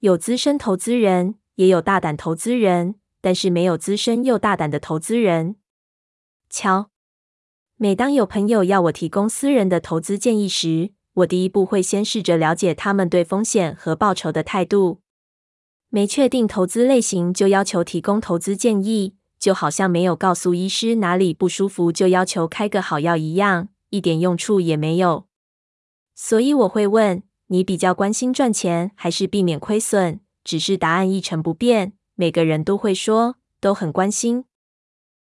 有資深投資人，也有大膽投資人，但是沒有資深又大膽的投資人。瞧，每當有朋友要我提供私人的投資建議時，我第一步會先試着了解他們對風險和報酬的態度。沒確定投資類型就要求提供投資建議，就好像沒有告訴醫師哪裡不舒服就要求開個好藥一樣，一點用處也沒有。所以我會問，你比較關心賺錢還是避免虧損？只是答案一成不變，每個人都會說，都很關心。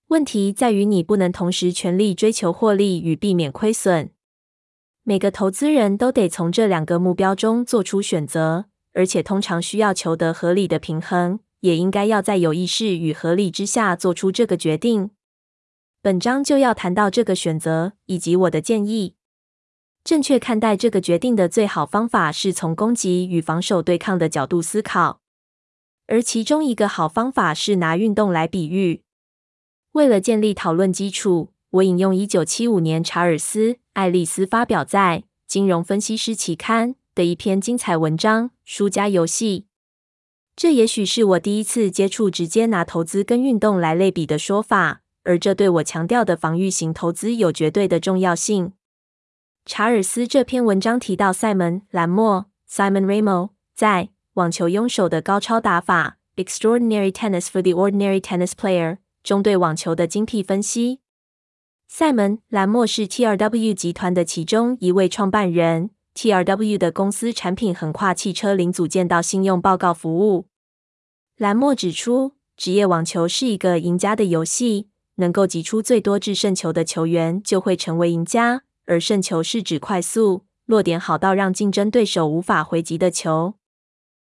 問題在於你不能同時全力追求獲利與避免虧損。每個投資人都得從這兩個目標中做出選擇，而且通常需要求得合理的平衡，也應該要在有意識與合理之下做出這個決定。本章就要談到這個選擇，以及我的建議。正確看待這個決定的最好方法是從攻擊與防守對抗的角度思考，而其中一個好方法是拿運動來比喻。為了建立討論基礎，我引用一九七五年查爾斯·艾利斯發表在《金融分析師期刊》的一篇精彩文章《輸家遊戲》。這也許是我第一次接觸直接拿投資跟運動來類比的說法，而這對我強調的防禦型投資有絕對的重要性。查爾斯這篇文章提到 Simon, 藍，賽門·蘭莫 （Simon Ramo） 在網球庸手的高超打法 （Extraordinary Tennis for the Ordinary Tennis Player） 中對網球的精闢分析。賽門·蘭莫是 TRW 集團的其中一位創辦人。TRW 的公司產品橫跨汽車零組件到信用報告服務。蘭莫指出，職業網球是一個贏家的遊戲，能夠擠出最多制勝球的球員就會成為贏家。而勝球是指快速、落點好到讓競爭對手無法回擊的球。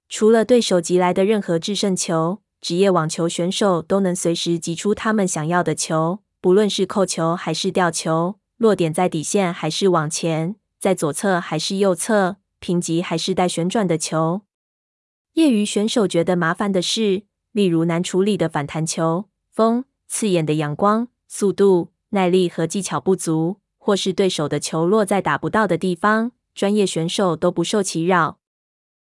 除了對手擊來的任何制勝球，職業網球選手都能隨時擊出他們想要的球，不論是扣球還是吊球，落點在底線還是網前，在左側還是右側，平擊還是帶旋轉的球。業餘選手覺得麻煩的是，例如難處理的反彈球、風、刺眼的陽光、速度、耐力和技巧不足。或是對手的球落在打不到的地方，專業選手都不受其擾。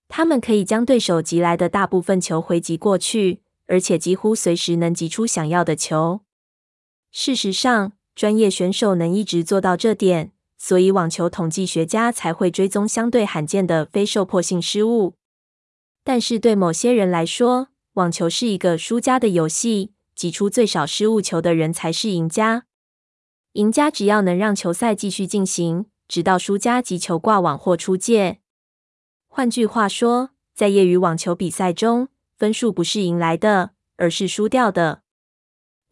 他們可以將對手擊來的大部分球回擊過去，而且幾乎隨時能擊出想要的球。事實上，專業選手能一直做到這點，所以網球統計學家才會追蹤相對罕見的非受迫性失誤。但是對某些人來說，網球是一個輸家的遊戲，擊出最少失誤球的人才是贏家。贏家只要能讓球賽繼續進行，直到輸家擊球掛網或出界。換句話說，在業餘網球比賽中，分數不是贏來的，而是輸掉的。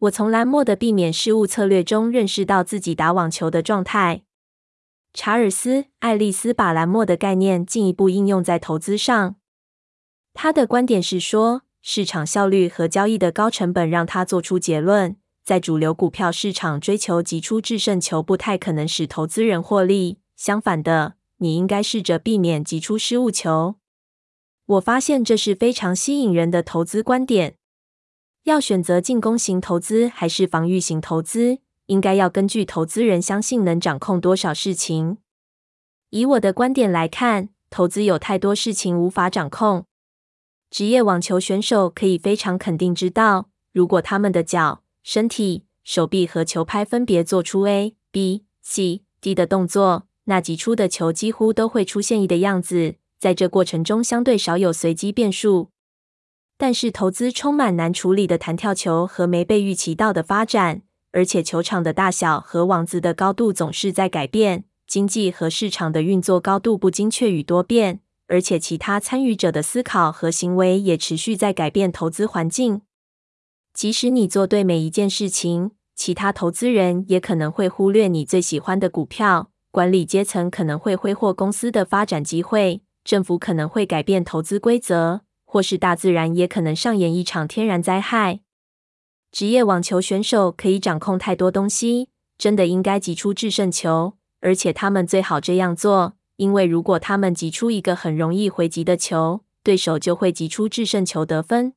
我從蘭莫的避免失誤策略中認識到自己打網球的狀態。查爾斯·艾利斯把蘭莫的概念進一步應用在投資上。他的觀點是說，市場效率和交易的高成本讓他做出結論。在主流股票市場追求擊出制勝球，不太可能使投資人獲利。相反的，你應該試着避免擊出失誤球。我發現這是非常吸引人的投資觀點。要選擇進攻型投資還是防禦型投資，應該要根據投資人相信能掌控多少事情。以我的觀點來看，投資有太多事情無法掌控。職業網球選手可以非常肯定知道，如果他們的腳。身體、手臂和球拍分別做出 A、B、C、D 的動作，那擊出的球幾乎都會出現一個樣子。在這過程中，相對少有隨機變數。但是投資充滿難處理的彈跳球和沒被預期到的發展，而且球場的大小和網子的高度總是在改變。經濟和市場的運作高度不精確與多變，而且其他參與者的思考和行為也持續在改變投資環境。即使你做對每一件事情，其他投資人也可能會忽略你最喜歡的股票，管理階層可能會揮霍公司的發展機會，政府可能會改變投資規則，或是大自然也可能上演一場天然災害。職業網球選手可以掌控太多東西，真的應該擊出制勝球，而且他們最好這樣做，因為如果他們擊出一個很容易回擊的球，對手就會擊出制勝球得分。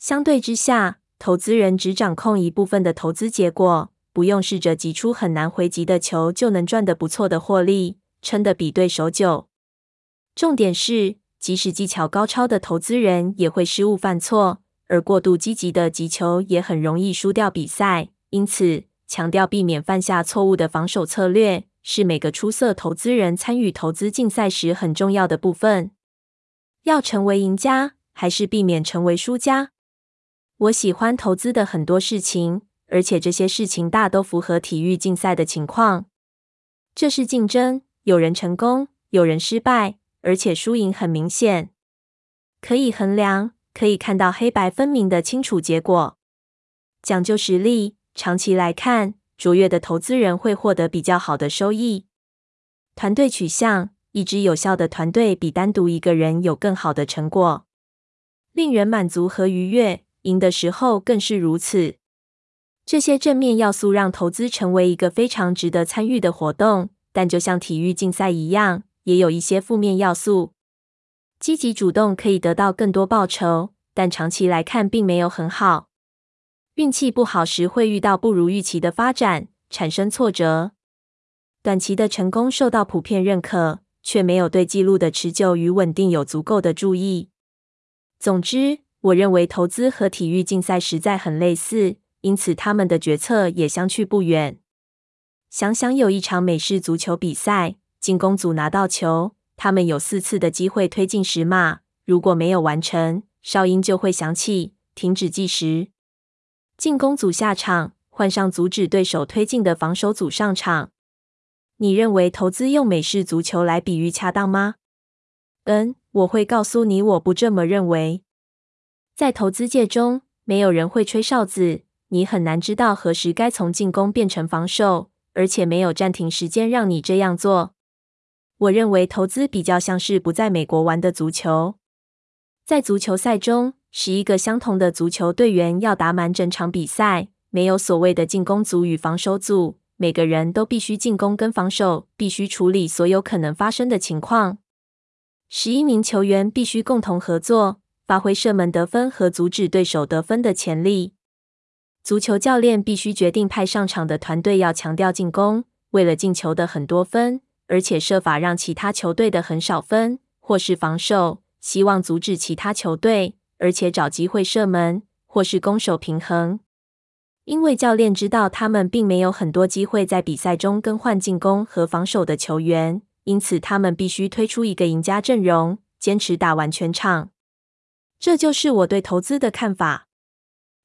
相對之下，投資人只掌控一部分的投資結果，不用試着擊出很難回擊的球，就能賺得不錯的獲利，撐得比對手久。重點是，即使技巧高超的投資人也會失誤犯錯，而過度積極的擊球也很容易輸掉比賽。因此，強調避免犯下錯誤的防守策略，是每個出色投資人參與投資競賽時很重要的部分。要成為贏家，還是避免成為輸家？我喜歡投資的很多事情，而且這些事情大都符合體育競賽的情況。這是競爭，有人成功，有人失敗，而且輸贏很明顯。可以衡量，可以看到黑白分明的清楚結果。講究實力，長期來看，卓越的投資人會獲得比較好的收益。團隊取向，一支有效的團隊比單獨一個人有更好的成果，令人滿足和愉悅。贏的時候更是如此。這些正面要素讓投資成為一個非常值得參與的活動，但就像體育競賽一樣，也有一些負面要素。積極主動可以得到更多報酬，但長期來看並沒有很好。運氣不好時會遇到不如預期的發展，產生挫折。短期的成功受到普遍認可，卻沒有對記錄的持久與穩定有足夠的注意。總之，我認為投資和體育競賽實在很類似，因此他們的決策也相去不遠。想想有一場美式足球比賽，進攻組拿到球，他們有四次的機會推進十碼，如果沒有完成，哨音就會響起，停止計時。進攻組下場，換上阻止對手推進的防守組上場。你認為投資用美式足球來比喻恰當嗎？嗯，我會告訴你，我不這麼認為。在投資界中，沒有人會吹哨子，你很難知道何時該從進攻變成防守，而且沒有暫停時間讓你這樣做。我認為投資比較像是不在美國玩的足球。在足球賽中，十一個相同的足球隊員要打滿整場比賽，沒有所謂的進攻組與防守組，每個人都必須進攻跟防守，必須處理所有可能發生的情況。十一名球員必須共同合作。發揮射門得分和阻止對手得分的潛力。足球教練必須決定派上場的團隊要強調進攻，為了進球的很多分，而且設法讓其他球隊的很少分，或是防守，希望阻止其他球隊，而且找機會射門，或是攻守平衡。因為教練知道他們並沒有很多機會在比賽中更換進攻和防守的球員，因此他們必須推出一個贏家陣容，堅持打完全場。這就是我對投資的看法。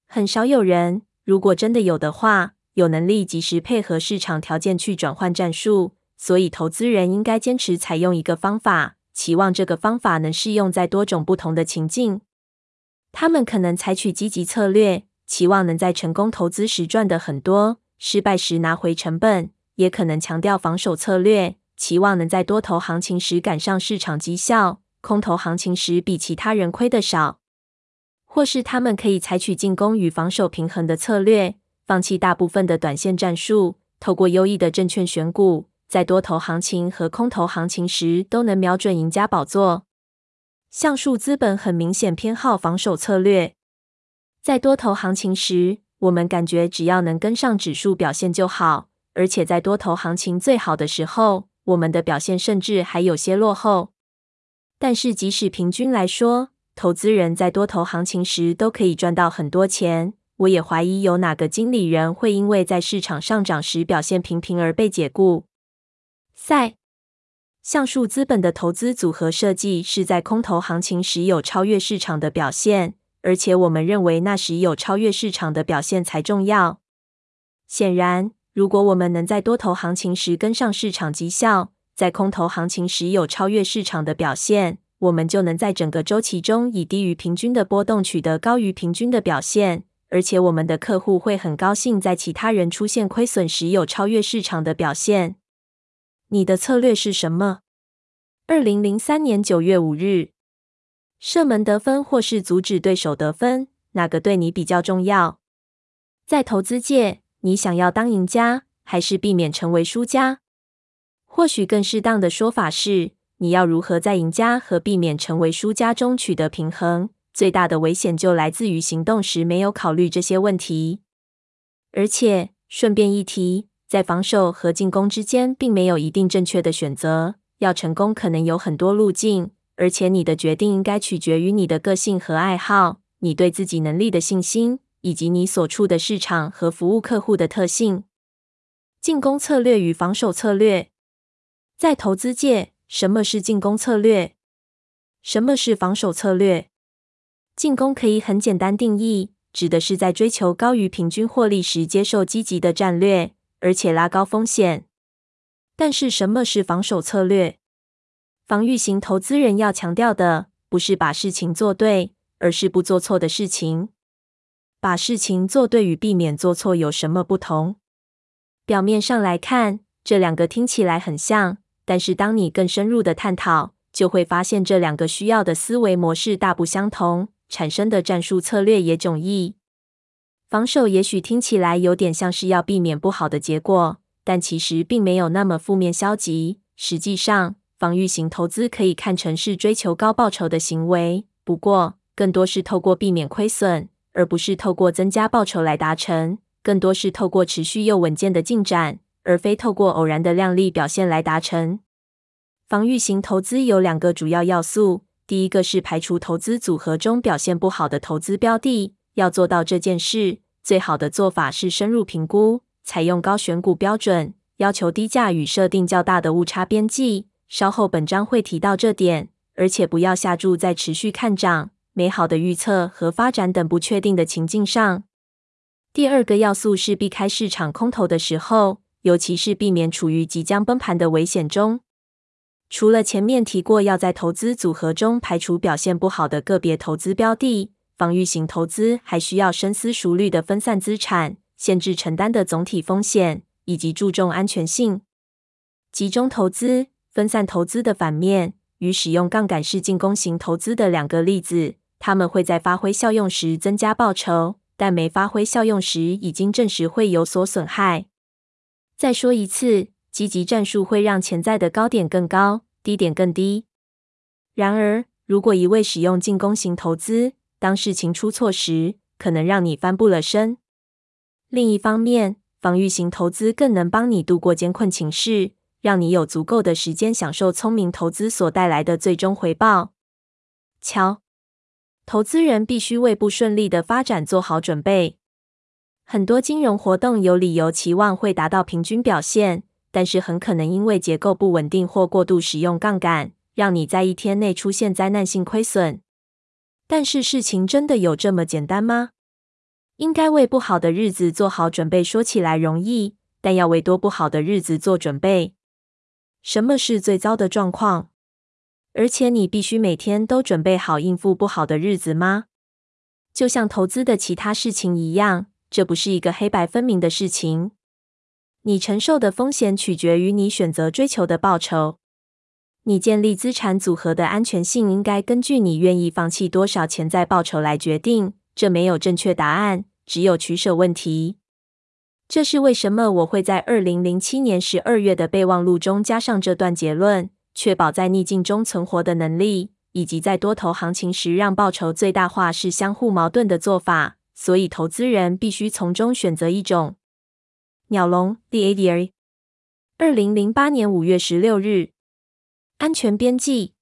很少有人，如果真的有的話，有能力及時配合市場條件去轉換戰術。所以，投資人應該堅持採用一個方法，期望這個方法能適用在多種不同的情境。他們可能採取積極策略，期望能在成功投資時賺得很多，失敗時拿回成本；也可能強調防守策略，期望能在多頭行情時趕上市場績效。空頭行情時比其他人虧得少，或是他們可以採取進攻與防守平衡的策略，放棄大部分的短線戰術，透過優異的證券選股，在多頭行情和空頭行情時都能瞄準贏家寶座。橡樹資本很明顯偏好防守策略，在多頭行情時，我們感覺只要能跟上指數表現就好，而且在多頭行情最好的時候，我們的表現甚至還有些落後。但是，即使平均來說，投資人在多頭行情時都可以賺到很多錢。我也懷疑有哪個經理人會因為在市場上漲時表現平平而被解雇。塞橡樹資本的投資組合設計是在空頭行情時有超越市場的表現，而且我們認為那時有超越市場的表現才重要。顯然，如果我們能在多頭行情時跟上市場績效，在空頭行情時有超越市場的表現，我們就能在整個週期中以低於平均的波動取得高於平均的表現。而且我們的客戶會很高興在其他人出現虧損時有超越市場的表現。你的策略是什麼？二零零三年九月五日，射門得分或是阻止對手得分，哪個對你比較重要？在投資界，你想要當贏家，還是避免成為輸家？或許更適當的說法是，你要如何在贏家和避免成為輸家中取得平衡？最大的危險就來自於行動時沒有考慮這些問題。而且順便一提，在防守和進攻之間，並沒有一定正確的選擇。要成功，可能有很多路徑，而且你的決定應該取決於你的個性和愛好、你對自己能力的信心，以及你所處的市場和服務客戶的特性。進攻策略與防守策略。在投資界，什麼是進攻策略？什麼是防守策略？進攻可以很簡單定義，指的是在追求高於平均獲利時，接受積極的戰略，而且拉高風險。但是，什麼是防守策略？防禦型投資人要強調的，不是把事情做對，而是不做錯的事情。把事情做對與避免做錯有什麼不同？表面上來看，這兩個聽起來很像。但是當你更深入的探討，就會發現這兩個需要的思維模式大不相同，產生的戰術策略也迥異。防守也許聽起來有點像是要避免不好的結果，但其實並沒有那麼負面消極。實際上，防禦型投資可以看成是追求高報酬的行為，不過更多是透過避免虧損，而不是透過增加報酬來達成，更多是透過持續又穩健的進展。而非透過偶然的亮麗表現來達成。防禦型投資有兩個主要要素，第一個是排除投資組合中表現不好的投資標的。要做到這件事，最好的做法是深入評估，採用高選股標準，要求低價與設定較大的誤差邊際。稍後本章會提到這點，而且不要下注在持續看漲、美好的預測和發展等不確定的情境上。第二個要素是避開市場空頭的時候。尤其是避免處於即將崩盤的危險中。除了前面提過要在投資組合中排除表現不好的個別投資標的，防禦型投資還需要深思熟慮的分散資產，限制承擔的總體風險，以及注重安全性。集中投資、分散投資的反面，與使用槓桿式進攻型投資的兩個例子，它們會在發揮效用時增加報酬，但沒發揮效用時已經證實會有所損害。再說一次，積極戰術會讓潛在的高點更高，低點更低。然而，如果一味使用進攻型投資，當事情出錯時，可能讓你翻不了身。另一方面，防禦型投資更能幫你度過艱困情勢，讓你有足夠的時間享受聰明投資所帶來的最終回報。瞧，投資人必須為不順利的發展做好準備。很多金融活動有理由期望會達到平均表現，但是很可能因為結構不穩定或過度使用槓桿，讓你在一天內出現災難性虧損。但是事情真的有這麼簡單嗎？應該為不好的日子做好準備，說起來容易，但要為多不好的日子做準備。什麼是最糟的狀況？而且你必須每天都準備好應付不好的日子嗎？就像投資的其他事情一樣。這不是一個黑白分明的事情。你承受的風險取決於你選擇追求的報酬。你建立資產組合的安全性應該根據你願意放棄多少潛在報酬來決定。這沒有正確答案，只有取捨問題。這是為什麼我會在二零零七年十二月的備忘錄中加上這段結論：確保在逆境中存活的能力，以及在多頭行情時讓報酬最大化，是相互矛盾的做法。所以，投資人必須從中選擇一種鳥籠 （the idea）。二零零八年五月十六日，安全邊際。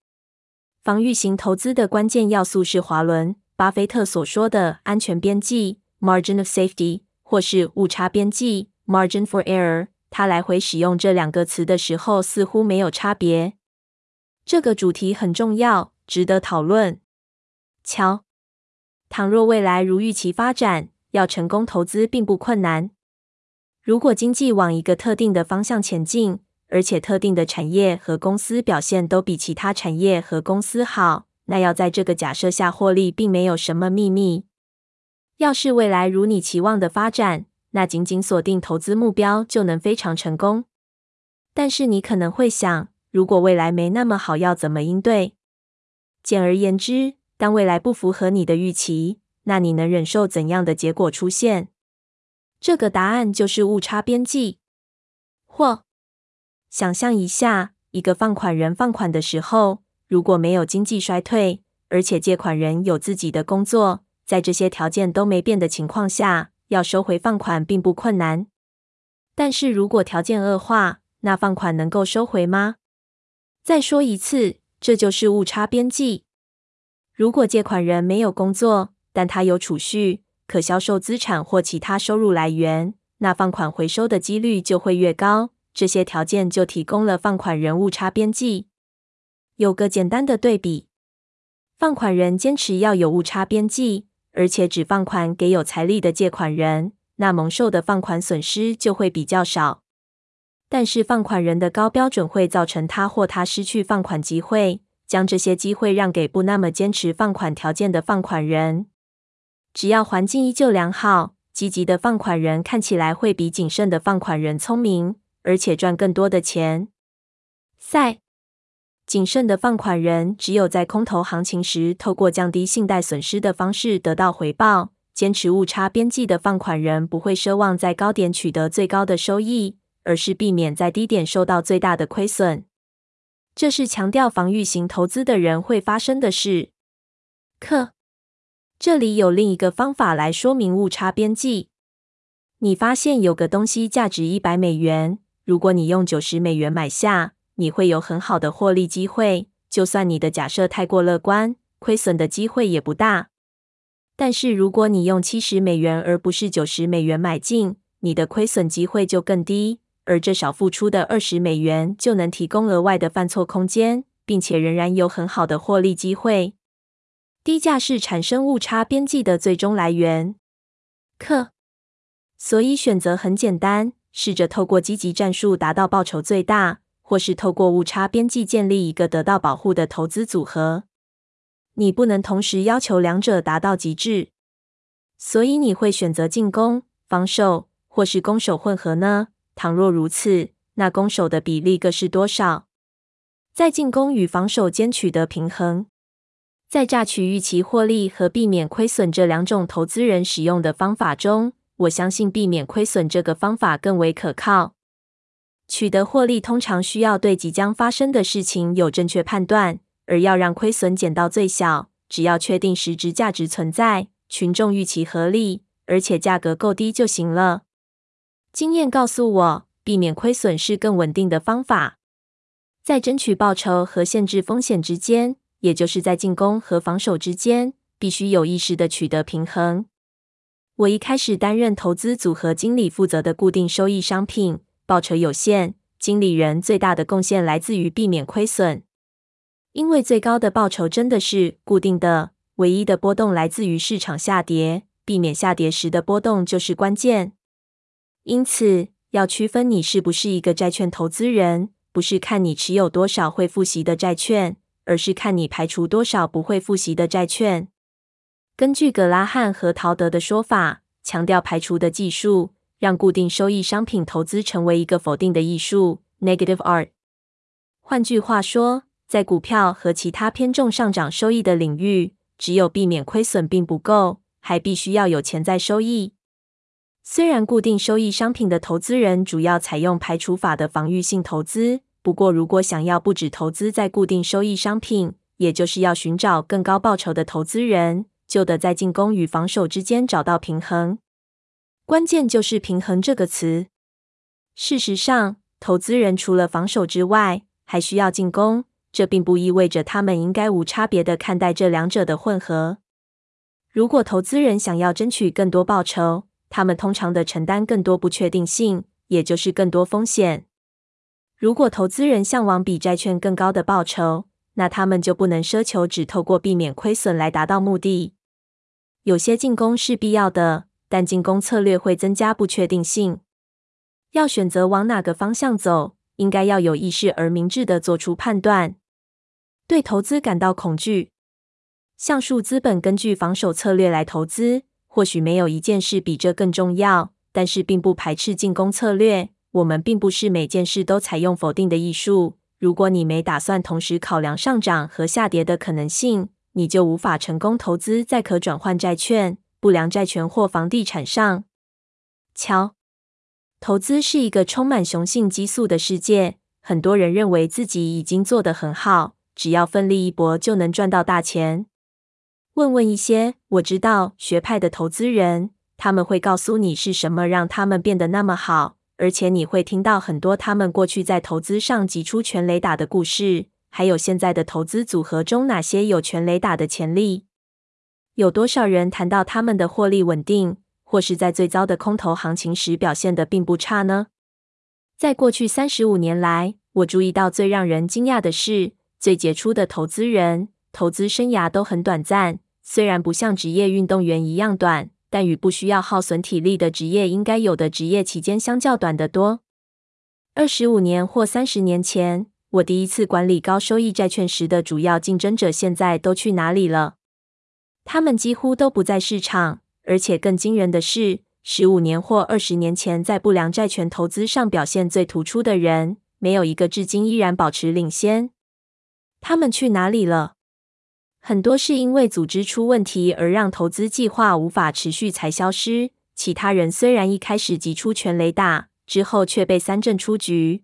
防禦型投資的關鍵要素是華倫·巴菲特所說的安全邊際 （margin of safety） 或是誤差邊際 （margin for error）。他來回使用這兩個詞的時候，似乎沒有差別。這個主題很重要，值得討論。瞧。倘若未來如預期發展，要成功投資並不困難。如果經濟往一個特定的方向前進，而且特定的產業和公司表現都比其他產業和公司好，那要在這個假設下獲利並沒有什麼秘密。要是未來如你期望的發展，那僅僅鎖定投資目標就能非常成功。但是你可能會想，如果未來沒那麼好，要怎麼應對？簡而言之，當未來不符合你的預期，那你能忍受怎樣的結果出現？這個答案就是誤差邊際。或，想象一下，一個放款人放款的時候，如果沒有經濟衰退，而且借款人有自己的工作，在這些條件都沒變的情況下，要收回放款並不困難。但是如果條件惡化，那放款能夠收回嗎？再說一次，這就是誤差邊際。如果借款人沒有工作，但他有儲蓄、可銷售資產或其他收入來源，那放款回收的幾率就會越高。這些條件就提供了放款人誤差邊際。有個簡單的對比：放款人堅持要有誤差邊際，而且只放款給有財力的借款人，那蒙受的放款損失就會比較少。但是放款人的高標準會造成他或她失去放款機會。將這些機會讓給不那麼堅持放款條件的放款人，只要環境依舊良好，積極的放款人看起來會比謹慎的放款人聰明，而且賺更多的錢。賽，謹慎的放款人只有在空頭行情時，透過降低信貸損失的方式得到回報。堅持誤差邊際的放款人不會奢望在高點取得最高的收益，而是避免在低點受到最大的虧損。這是強調防禦型投資的人會發生的事。克，這裡有另一個方法來說明誤差邊際。你發現有個東西價值一百美元，如果你用九十美元買下，你會有很好的獲利機會，就算你的假設太過樂觀，虧損的機會也不大。但是如果你用七十美元而不是九十美元買進，你的虧損機會就更低。而這少付出的二十美元就能提供額外的犯錯空間，並且仍然有很好的獲利機會。低價是產生誤差邊際的最終來源。可，所以選擇很簡單：試着透過積極戰術達到報酬最大，或是透過誤差邊際建立一個得到保護的投資組合。你不能同時要求兩者達到極致，所以你會選擇進攻、防守，或是攻守混合呢？倘若如此，那攻守的比例各是多少？在進攻與防守間取得平衡，在榨取預期獲利和避免虧損這兩種投資人使用的方法中，我相信避免虧損這個方法更為可靠。取得獲利通常需要對即將發生的事情有正確判斷，而要讓虧損減到最小，只要確定實質價值存在、群眾預期合理，而且價格夠低就行了。經驗告訴我，避免虧損是更穩定的方法。在爭取報酬和限制風險之間，也就是在進攻和防守之間，必須有意識地取得平衡。我一開始擔任投資組合經理，負責的固定收益商品，報酬有限，經理人最大的貢獻來自於避免虧損。因為最高的報酬真的是固定的，唯一的波動來自於市場下跌，避免下跌時的波動就是關鍵。因此，要區分你是不是一個債券投資人，不是看你持有多少會付息的債券，而是看你排除多少不會付息的債券。根據葛拉漢和陶德的說法，強調排除的技術，讓固定收益商品投資成為一個否定的藝術 （negative art）。換句話說，在股票和其他偏重上漲收益的領域，只有避免虧損並不夠，還必須要有潛在收益。雖然固定收益商品的投資人主要採用排除法的防禦性投資，不過如果想要不止投資在固定收益商品，也就是要尋找更高報酬的投資人，就得在進攻與防守之間找到平衡。關鍵就是“平衡”這個詞。事實上，投資人除了防守之外，還需要進攻，這並不意味着他們應該無差別的看待這兩者的混合。如果投資人想要爭取更多報酬，他們通常的承擔更多不確定性，也就是更多風險。如果投資人嚮往比債券更高的報酬，那他們就不能奢求只透過避免虧損來達到目的。有些進攻是必要的，但進攻策略會增加不確定性。要選擇往哪個方向走，應該要有意識而明智地做出判斷。對投資感到恐懼，橡樹資本根據防守策略來投資。或許沒有一件事比這更重要，但是並不排斥進攻策略。我們並不是每件事都採用否定的藝術。如果你沒打算同時考量上漲和下跌的可能性，你就無法成功投資在可轉換債券、不良債權或房地產上。瞧，投資是一個充滿雄性激素的世界。很多人認為自己已經做得很好，只要奮力一搏就能賺到大錢。問問一些我知道學派的投資人，他們會告訴你是什麼讓他們變得那麼好，而且你會聽到很多他們過去在投資上擠出全壘打的故事，還有現在的投資組合中哪些有全壘打的潛力。有多少人談到他們的獲利穩定，或是在最糟的空頭行情時表現得並不差呢？在過去三十五年來，我注意到最讓人驚訝的是，最傑出的投資人投資生涯都很短暫。雖然不像職業運動員一樣短，但與不需要耗損體力的職業應該有的職業期間相較短得多。二十五年或三十年前，我第一次管理高收益債券時的主要競爭者，現在都去哪裡了？他們幾乎都不在市場。而且更驚人的是，十五年或二十年前在不良債權投資上表現最突出的人，沒有一個至今依然保持領先。他們去哪裡了？很多是因為組織出問題而讓投資計劃無法持續才消失。其他人雖然一開始擊出全壘打，之後卻被三振出局，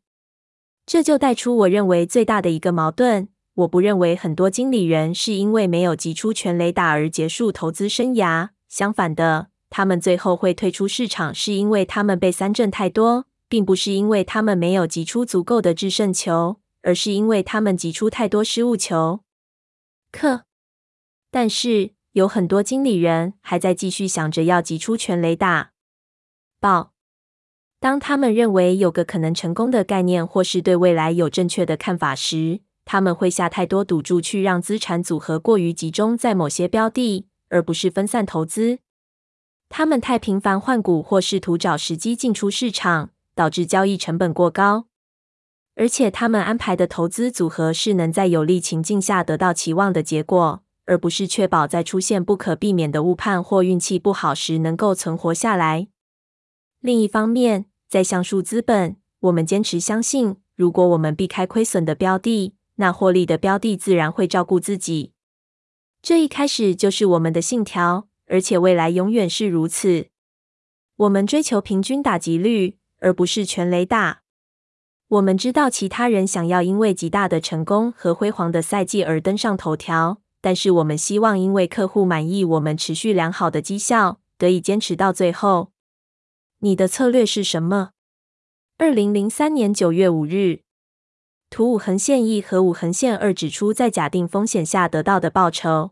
這就帶出我認為最大的一個矛盾。我不認為很多經理人是因為沒有擊出全壘打而結束投資生涯，相反的，他們最後會退出市場是因為他們被三振太多，並不是因為他們沒有擊出足夠的制勝球，而是因為他們擊出太多失誤球。可。但是有很多經理人還在繼續想着要擊出全壘打報。當他們認為有個可能成功的概念，或是對未來有正確的看法時，他們會下太多賭注，去讓資產組合過於集中在某些標的，而不是分散投資。他們太頻繁換股，或試圖找時機進出市場，導致交易成本過高。而且，他們安排的投資組合是能在有利情境下得到期望的結果，而不是確保在出現不可避免的誤判或運氣不好時能夠存活下來。另一方面，在橡樹資本，我們堅持相信，如果我們避開虧損的標的，那獲利的標的自然會照顧自己。這一開始就是我們的信條，而且未來永遠是如此。我們追求平均打擊率，而不是全壘打。我們知道其他人想要因為極大的成功和輝煌的賽季而登上頭條。但是我們希望，因為客戶滿意，我們持續良好的績效得以堅持到最後。你的策略是什麼？二零零三年九月五日，圖五橫線一和五橫線二指出，在假定風險下得到的報酬。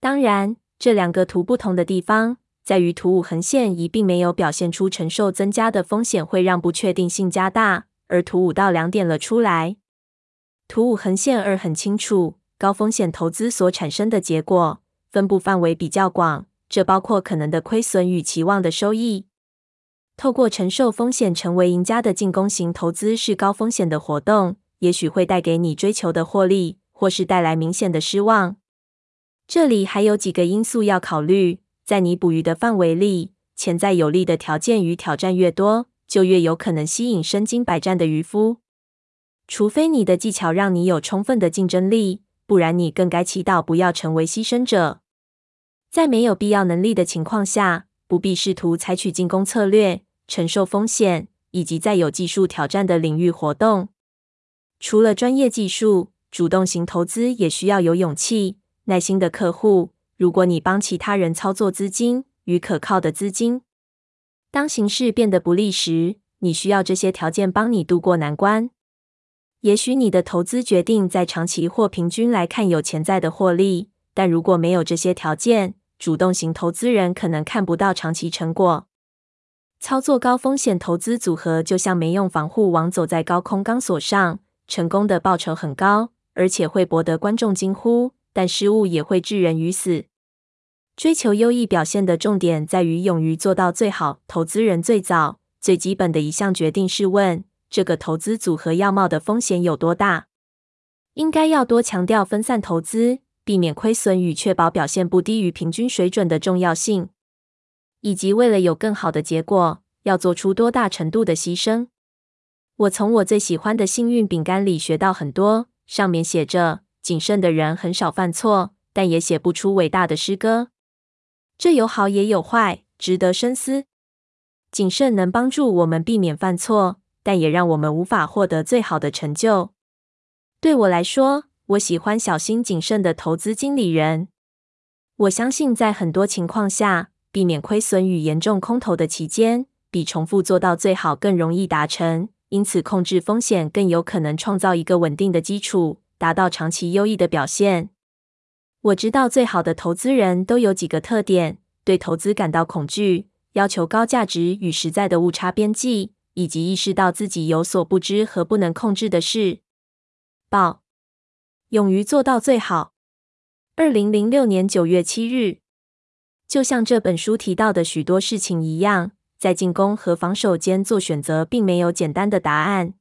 當然，這兩個圖不同的地方在於，圖五橫線一並沒有表現出承受增加的風險會讓不確定性加大，而圖五到兩點了出來。圖五橫線二很清楚。高風險投資所產生的結果分布範圍比較廣，這包括可能的虧損與期望的收益。透過承受風險成為贏家的進攻型投資是高風險的活動，也許會帶給你追求的獲利，或是帶來明顯的失望。這裡還有幾個因素要考慮，在你捕魚的範圍裡，潛在有利的條件與挑戰越多，就越有可能吸引身經百戰的漁夫。除非你的技巧讓你有充分的競爭力。不然，你更該祈禱不要成為犧牲者。在沒有必要能力的情況下，不必試圖採取進攻策略，承受風險以及在有技術挑戰的領域活動。除了專業技術，主動型投資也需要有勇氣、耐心的客戶。如果你幫其他人操作資金與可靠的資金，當形勢變得不利時，你需要這些條件幫你渡過難關。也許你的投資決定在長期或平均來看有潛在的獲利，但如果沒有這些條件，主動型投資人可能看不到長期成果。操作高風險投資組合就像沒用防護網走在高空鋼索上，成功的報酬很高，而且會博得觀眾驚呼，但失誤也會致人於死。追求優異表現的重點在於勇於做到最好。投資人最早、最基本的一項決定是問：這個投資組合要冒的風險有多大？應該要多強調分散投資，避免虧損與確保表現不低於平均水準的重要性，以及為了有更好的結果，要做出多大程度的犧牲。我從我最喜歡的幸運餅乾裡學到很多，上面寫着：“謹慎的人很少犯錯，但也寫不出偉大的詩歌。”這有好也有壞，值得深思。謹慎能幫助我們避免犯錯。但也讓我們無法獲得最好的成就。對我來說，我喜歡小心謹慎的投資經理人。我相信，在很多情況下，避免虧損與嚴重空頭的期間，比重複做到最好更容易達成。因此，控制風險更有可能創造一個穩定的基礎，達到長期優異的表現。我知道最好的投資人都有幾個特點：對投資感到恐懼，要求高價值與實在的誤差邊際。以及意識到自己有所不知和不能控制的事，報，勇於做到最好。二零零六年九月七日，就像這本書提到的許多事情一樣，在進攻和防守間做選擇，並沒有簡單的答案。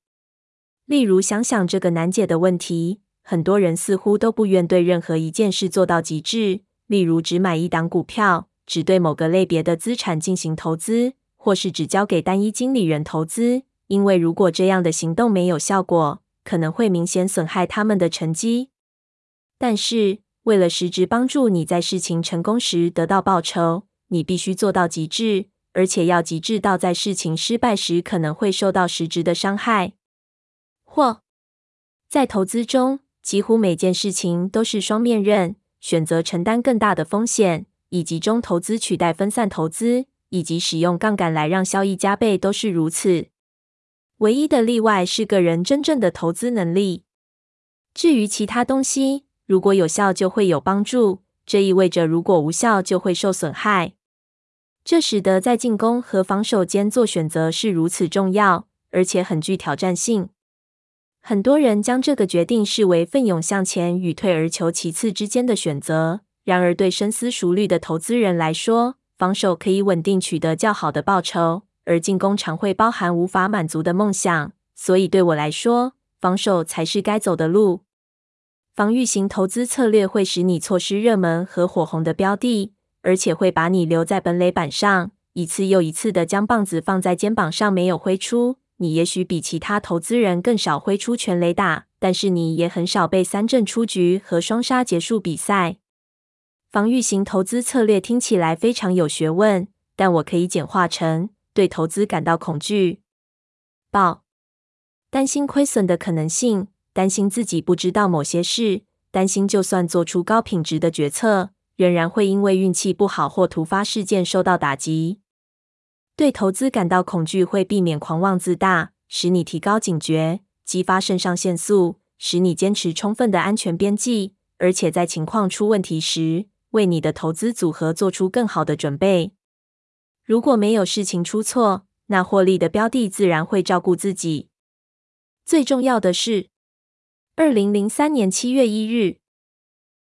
例如，想想這個難解的問題，很多人似乎都不願對任何一件事做到極致。例如，只買一檔股票，只對某個類別的資產進行投資。或是只交給單一經理人投資，因為如果這樣的行動沒有效果，可能會明顯損害他們的成績。但是，為了實質幫助你在事情成功時得到報酬，你必須做到極致，而且要極致到在事情失敗時可能會受到實質的傷害。或在投資中，幾乎每件事情都是雙面刃，選擇承擔更大的風險，以集中投資取代分散投資。以及使用槓桿來讓效益加倍都是如此。唯一的例外是個人真正的投資能力。至於其他東西，如果有效就會有幫助，這意味着如果無效就會受損害。這使得在進攻和防守間做選擇是如此重要，而且很具挑戰性。很多人將這個決定視為奮勇向前與退而求其次之間的選擇，然而對深思熟慮的投資人來說，防守可以穩定取得較好的報酬，而進攻常會包含無法滿足的夢想。所以對我來說，防守才是該走的路。防禦型投資策略會使你錯失熱門和火紅的標的，而且會把你留在本壘板上，一次又一次地將棒子放在肩膀上沒有揮出。你也許比其他投資人更少揮出全壘打，但是你也很少被三振出局和雙殺結束比賽。防禦型投資策略聽起來非常有學問，但我可以簡化成：對投資感到恐懼、報擔心虧損的可能性、擔心自己不知道某些事、擔心就算做出高品質的決策，仍然會因為運氣不好或突發事件受到打擊。對投資感到恐懼會避免狂妄自大，使你提高警覺，激發腎上腺素，使你堅持充分的安全邊際，而且在情況出問題時，為你的投資組合做出更好的準備。如果沒有事情出錯，那獲利的標的自然會照顧自己。最重要的是，2003年7月1日。